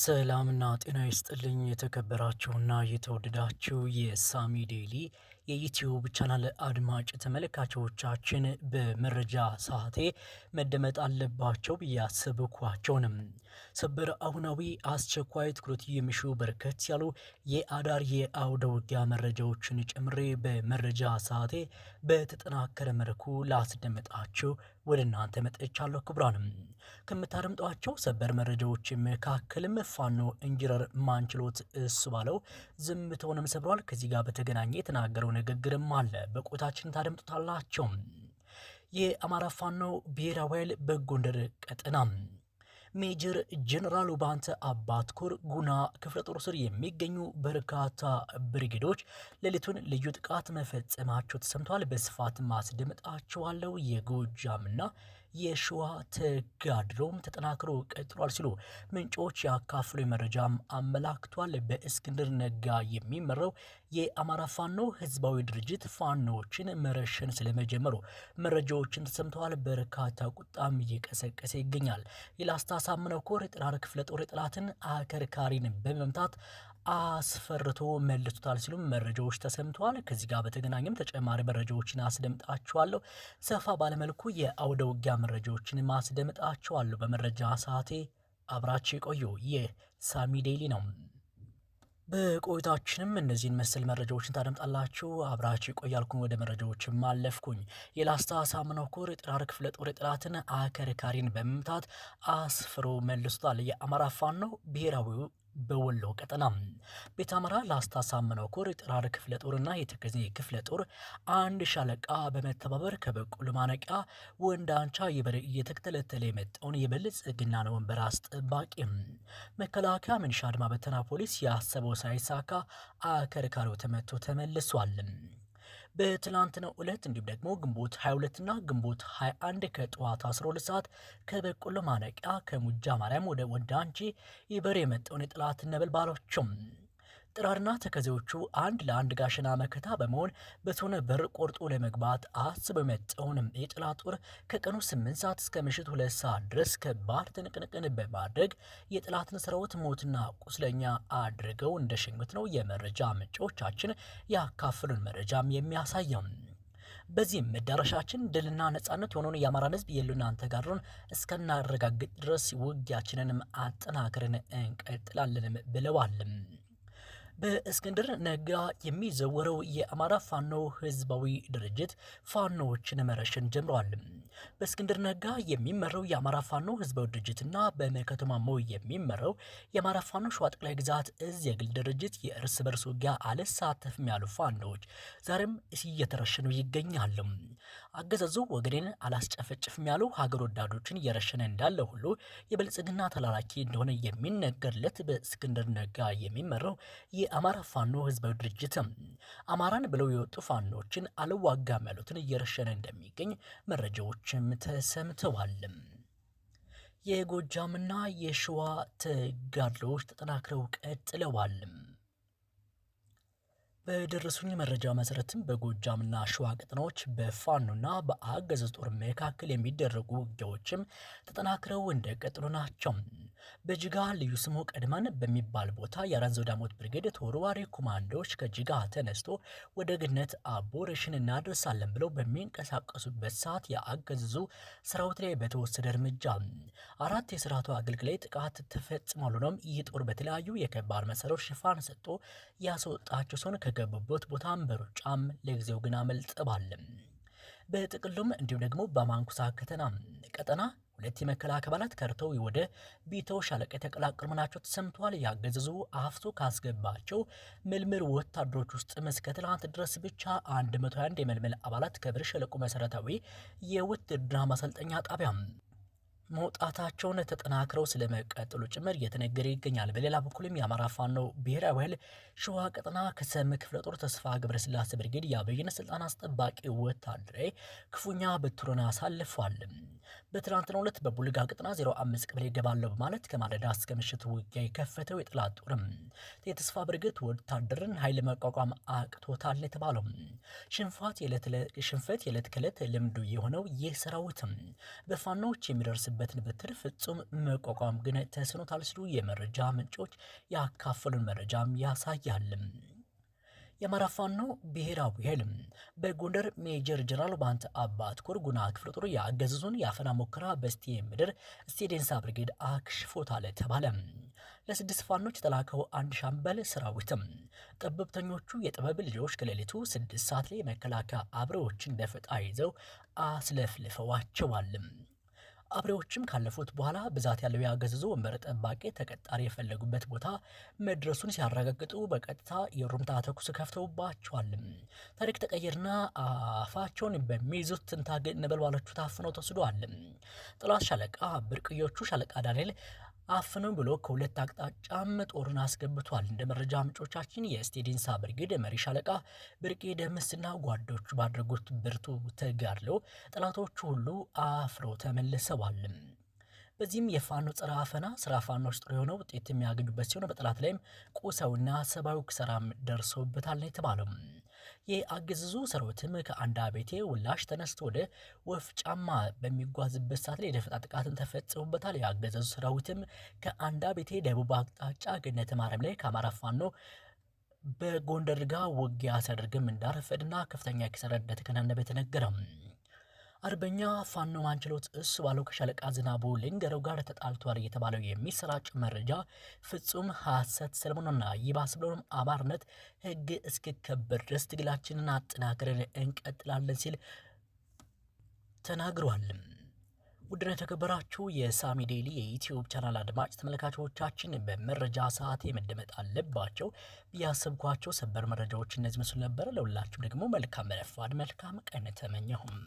ሰላምና ጤና ይስጥልኝ የተከበራችሁና የተወደዳችሁ የሳሚ ዴይሊ የዩትዩብ ቻናል አድማጭ ተመልካቾቻችን በመረጃ ሰዓቴ መደመጥ አለባቸው ብያስብኳቸውንም ሰበር አሁናዊ አስቸኳይ ትኩረት የሚሹ በርከት ያሉ የአዳር የአውደ ውጊያ መረጃዎችን ጨምሬ በመረጃ ሰዓቴ በተጠናከረ መልኩ ላስደመጣችሁ ወደ እናንተ መጥቻለሁ። ክቡራንም ከምታደምጧቸው ሰበር መረጃዎች መካከልም ፋኖ እንጂነር ማንችሎት እሱ ባለው ዝምታውንም ሰብሯል። ከዚህ ጋር በተገናኘ የተናገረው ንግግርም አለ። በቆይታችን ታደምጡታላቸው። የአማራ ፋኖ ብሔራዊ ኃይል በጎንደር ቀጠና ሜጀር ጀነራል አባት አባትኩር ጉና ክፍለ ጦር ስር የሚገኙ በርካታ ብርጌዶች ሌሊቱን ልዩ ጥቃት መፈጸማቸው ተሰምተዋል። በስፋት ማስደመጣቸዋለው። የጎጃምና የሸዋ ተጋድሎም ተጠናክሮ ቀጥሏል ሲሉ ምንጮች ያካፍሉ መረጃም አመላክቷል። በእስክንድር ነጋ የሚመራው የአማራ ፋኖ ህዝባዊ ድርጅት ፋኖዎችን መረሸን ስለመጀመሩ መረጃዎችን ተሰምተዋል። በርካታ ቁጣም እየቀሰቀሰ ይገኛል። የላስታ ሳምነው ኮር የጠራር ክፍለ ጦር አከርካሪን በመምታት አስፈርቶ መልቶታል ሲሉም መረጃዎች ተሰምተዋል። ከዚህ ጋር በተገናኘም ተጨማሪ መረጃዎችን አስደምጣችኋለሁ። ሰፋ ባለመልኩ የአውደ ውጊያ መረጃዎችን አስደምጣችኋለሁ። በመረጃ ሰዓቴ አብራችሁ የቆዩ ይህ ሳሚ ዴይሊ ነው። በቆይታችንም እነዚህን መሰል መረጃዎችን ታደምጣላችሁ። አብራችሁ ይቆያልኩኝ። ወደ መረጃዎችም ማለፍኩኝ። የላስታ ሳምነው ኮር የጥራር ክፍለ ጦር የጠላትን አከርካሪን በመምታት አስፍሮ መልሶታል። የአማራ ፋኖ ብሔራዊ በወሎ ቀጠና ቤተ አማራ ላስታ ሳምነው ኮር ጥራር ክፍለ ጦርና የተከዜ ክፍለ ጦር አንድ ሻለቃ በመተባበር ከበቁ ማነቂያ ወንድ አንቻ ይበር እየተተለተለ የመጣውን የብልጽግናን ወንበር አስጠባቂ መከላከያ ምንሻ አድማ በተና ፖሊስ ያሰበው ሳይሳካ አከርካሪው ተመቶ ተመልሷል። በትላንትናው ዕለት እንዲሁም ደግሞ ግንቦት 22ና ግንቦት 21 ከጠዋት 12 ሰዓት ከበቆሎ ማነቂያ ከሙጃ ማርያም ወደ ወዳንቺ ይበር የመጣውን የጠላት ነበልባሎችም ጥራርና ተከዜዎቹ አንድ ለአንድ ጋሸና መከታ በመሆን በተሆነ በር ቆርጦ ለመግባት አስቦ የመጣውንም የጠላት ጦር ከቀኑ ስምንት ሰዓት እስከ ምሽት ሁለት ሰዓት ድረስ ከባድ ትንቅንቅን በማድረግ የጠላትን ሰራዊት ሞትና ቁስለኛ አድርገው እንደ ሸኙት ነው የመረጃ ምንጮቻችን ያካፍሉን መረጃም የሚያሳየው። በዚህም መዳረሻችን ድልና ነጻነት የሆነውን የአማራን ሕዝብ የሉናን ተጋድሎን እስከናረጋግጥ ድረስ ውጊያችንንም አጠናክርን እንቀጥላለን ብለዋልም። በእስክንድር ነጋ የሚዘወረው የአማራ ፋኖ ህዝባዊ ድርጅት ፋኖዎችን መረሸን ጀምረዋል። በእስክንድር ነጋ የሚመራው የአማራ ፋኖ ህዝባዊ ድርጅትና በመከቱ ማሞ የሚመራው የአማራ ፋኖ ሸዋ ጠቅላይ ግዛት እዝ የግል ድርጅት የእርስ በርስ ውጊያ አልሳተፍም ያሉ ፋኖዎች ዛሬም እየተረሸኑ ይገኛሉ። አገዛዙ ወገኔን አላስጨፈጭፍም ያሉ ሀገር ወዳዶችን እየረሸነ እንዳለ ሁሉ የብልጽግና ተላላኪ እንደሆነ የሚነገርለት በእስክንድር ነጋ የሚመራው የአማራ ፋኖ ህዝባዊ ድርጅትም አማራን ብለው የወጡ ፋኖችን አልዋጋም ያሉትን እየረሸነ እንደሚገኝ መረጃዎችም ተሰምተዋል። የጎጃምና የሸዋ ተጋድሎዎች ተጠናክረው ቀጥለዋል። በደረሱኝ መረጃ መሰረትም በጎጃምና ሸዋ ቀጠናዎች በፋኖና በአገዘ ጦር መካከል የሚደረጉ ውጊያዎችም ተጠናክረው እንደቀጥሉ ናቸው። በጅጋ ልዩ ስሙ ቀድማን በሚባል ቦታ የአራት ዳሞት ብርጌድ ተወርዋሪ ኮማንዶዎች ከጅጋ ተነስቶ ወደ ግነት አቦ ረሽን እናደርሳለን ብለው በሚንቀሳቀሱበት ሰዓት የአገዛዙ ሰራዊት ላይ በተወሰደ እርምጃ አራት የስርዓቱ አገልግላይ ጥቃት ተፈጽሟል። ሆኖም ይህ ጦር በተለያዩ የከባድ መሳሪያዎች ሽፋን ሰጥቶ ያስወጣቸው ሲሆን ከገቡበት ቦታም በሩጫም ለጊዜው ግን አመልጠባል። በጥቅሉም እንዲሁም ደግሞ በማንኩሳ ከተና ቀጠና ሁለት የመከላከያ አባላት ከርተው ወደ ቢተው ሻለቃ የተቀላቀሉ ናቸው ተሰምተዋል። ያገዘዙ አፍቶ ካስገባቸው ምልምል ወታደሮች ውስጥ እስከ ትላንት ድረስ ብቻ 101 የመልመል አባላት ከብር ሸለቆ መሰረታዊ የውትድርና ማሰልጠኛ ጣቢያ መውጣታቸውን ተጠናክረው ስለመቀጠሉ ጭምር እየተነገረ ይገኛል። በሌላ በኩልም የአማራ ፋኖ ብሔራዊ ኃይል ሸዋ ቀጠና ከሰም ክፍለ ጦር ተስፋ ገብረስላሴ ብርጌድ የአብይን ስልጣን አስጠባቂ ወታደራዊ ክፉኛ በትሩን አሳልፏል። በትናንትናው ዕለት በቡልጋ ቀጠና 05 ቀበሌ ይገባለሁ በማለት ከማለዳ እስከ ምሽት ውጊያ የከፈተው የጠላት ጦርም የተስፋ ብርጌድ ወታደርን ኃይል መቋቋም አቅቶታል የተባለው ሽንፋት ሽንፈት የዕለት ከዕለት ልምዱ የሆነው ይህ ሰራዊትም በፋኖዎች የሚደርስበት የደረሰበትን ብትር ፍጹም መቋቋም ግን ተስኖታል ሲሉ የመረጃ ምንጮች ያካፈሉን መረጃም ያሳያልም። የአማራ ፋኖ ብሔራዊ ሄል በጎንደር ሜጀር ጀነራል ባንት አባት ኮር ጉና ክፍለ ጦር ያገዘዙን የአፈና ሙከራ በስቴ ምድር ስቴዴንሳ ብርጌድ አክሽፎታል ተባለ። ለስድስት ፋኖች የተላከው አንድ ሻምበል ሰራዊትም ጠበብተኞቹ የጥበብ ልጆች ከሌሊቱ ስድስት ሰዓት ላይ መከላከያ አብረዎችን ደፈጣ ይዘው አስለፍልፈዋቸዋልም። አብሬዎችም ካለፉት በኋላ ብዛት ያለው የአገዛዙ ወንበር ጠባቂ ተቀጣሪ የፈለጉበት ቦታ መድረሱን ሲያረጋግጡ በቀጥታ የሩምታ ተኩስ ከፍተውባቸዋል። ታሪክ ተቀየርና አፋቸውን በሚይዙት ትንታግ ነበልባሎቹ ታፍኖ ተወስደዋል። ጥላት ሻለቃ ብርቅዮቹ ሻለቃ ዳንኤል አፍነው ብሎ ከሁለት አቅጣጫም ጦርን አስገብቷል። እንደ መረጃ ምንጮቻችን የስቴዲንሳ ብርጌድ መሪ ሻለቃ ብርቄ ደምስና ጓዶች ባደረጉት ብርቱ ተጋድለው ጠላቶቹ ሁሉ አፍረው ተመልሰዋል። በዚህም የፋኖ ጸረ አፈና ስራ ፋኖች ጥሩ የሆነ ውጤት የሚያገኙበት ሲሆን በጠላት ላይም ቁሳዊና ሰብአዊ ክሰራም ደርሶበታል ነው የተባለው። የአገዛዙ ሰራዊትም ከአንዳ ቤቴ ውላሽ ተነስቶ ወደ ወፍጫማ በሚጓዝበት ሰዓት ላይ የደፈጣ ጥቃትን ተፈጽሞበታል። የአገዛዙ ሰራዊትም ከአንዳ ቤቴ ደቡብ አቅጣጫ ገነተ ማርያም ላይ ከአማራ ፋኖ በጎንደር ጋር ውጊያ ሲያደርግም እንዳረፈድና ከፍተኛ ኪሳራ እንደተከናነበ ተነገረም። አርበኛ ፋኖ ማንችሎት እስ ባለው ከሻለቃ ዝናቡ ልንገረው ጋር ተጣልቷል እየተባለው የሚሰራጭ መረጃ ፍጹም ሐሰት ሰለሞኑና ይባስ ብሎም አማርነት ሕግ እስኪከበር ድረስ ትግላችንን አጠናክረን እንቀጥላለን ሲል ተናግሯል። ውድና የተከበራችሁ የሳሚ ዴሊ የዩትዩብ ቻናል አድማጭ ተመልካቾቻችን በመረጃ ሰዓት መደመጥ አለባቸው ያሰብኳቸው ሰበር መረጃዎች እነዚህ መስሉ ነበረ። ለሁላችሁ ደግሞ መልካም ረፋድ፣ መልካም ቀን ተመኘሁም።